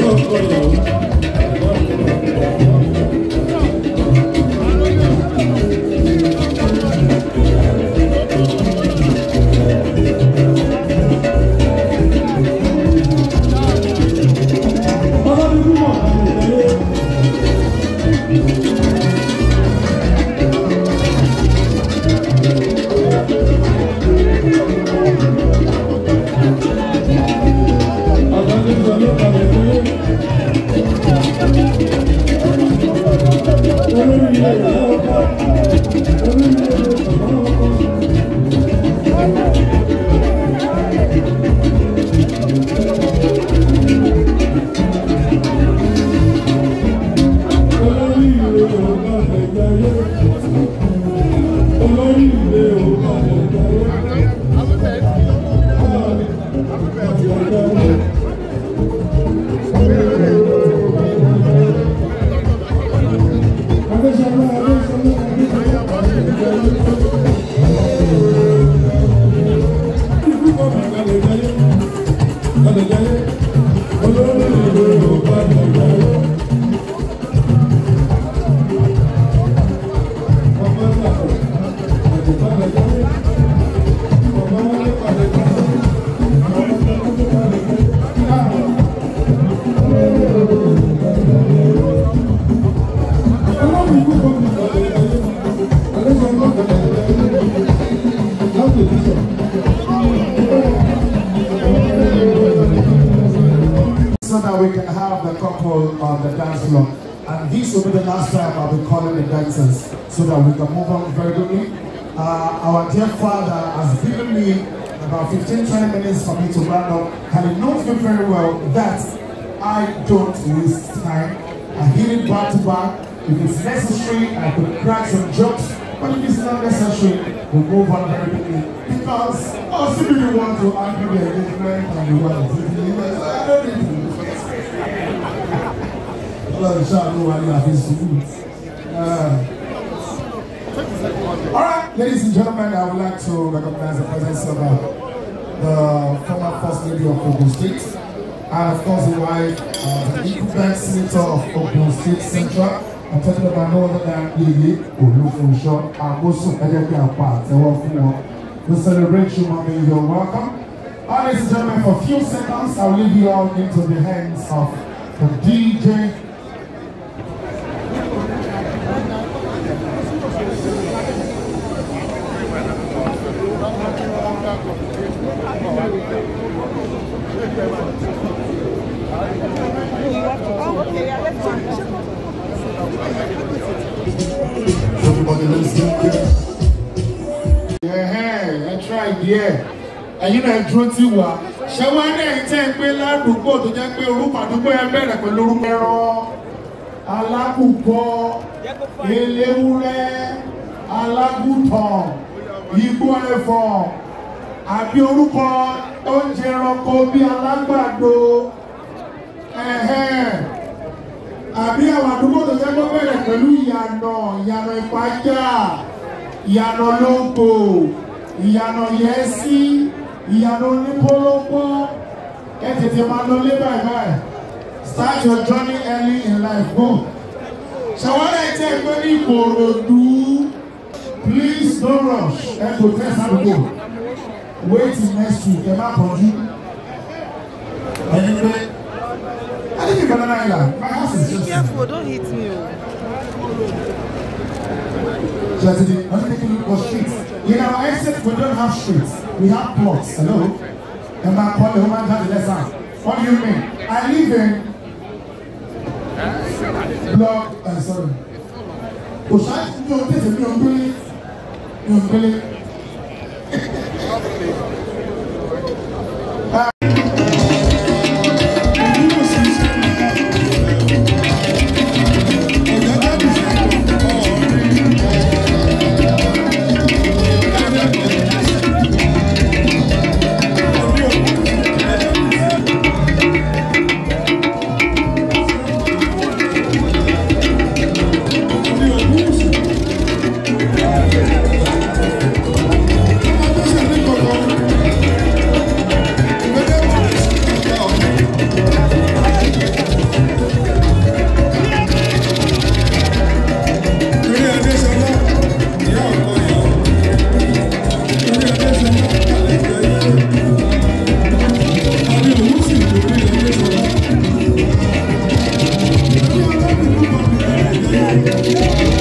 Yok olalım. couple on the dance floor. And this will be the last time I'll be calling the dancers so that we can move on very quickly. Uh, our dear father has given me about 15, 20 minutes for me to round up. And he knows me very well that I don't waste time. I hit it back to back. If it's necessary, I could crack some jokes. But if it's not necessary, we'll move on very quickly. Because I also really want to argue the engagement and the world. nobody Uh, all right, ladies and gentlemen, I would like to recognize the presence of uh, the former First Lady of Ogun State, and of course the wife, uh, the Senator of Ogun State Central. I'm talking about no other than Lily Olufunso Agosu Edekiapa, the one for the celebration, mommy, you're welcome. Ladies and gentlemen, for a few seconds, I'll leave you all into the hands of the DJ Everybody, let's do it. Yeah, I tried, yeah. Ẹ̀yin náà dúró tì wá. Ṣé wá ní ẹ̀yin tẹ́ ń gbé ládùúgbò tó jẹ́ pé orúkọ àdúgbò ẹ bẹ̀rẹ̀ pẹ̀lú orúkọ ẹ̀rọ alákùkọ eléwúrẹ́ alágùtàn igbó ẹ̀fọ̀n àbí orúkọ oúnjẹ ẹranko bí alágbàdo àbí àwọn àdúgbò tó jẹ́ kó bẹ̀rẹ̀ pẹ̀lú ìyànà ìyànà ìpájà ìyànà lóńgbò ìyànà yẹ́sí ìyànà onípolówó ẹ tètè máa lọ lé báyìí báyìí start your journey early in life go ṣàwárẹ̀ ẹ̀ tẹ́ ẹ pé ní Ìkòròdú please no rush ẹ kò tẹ́ sáà gbò wait next to ẹ má pọ̀jù ẹni pé adébí kan náà yà my house is just. be careful don't hit me o. Oh. Jazzy, I don't think you look for streets. In our exit, we don't have streets. We have plots. Hello? And my call the woman down the left hand. What do you mean? I live in block. Uh, sorry. Oṣù àti mi tètè mi ò ń gbélé mi ò ń gbélé. Thank you.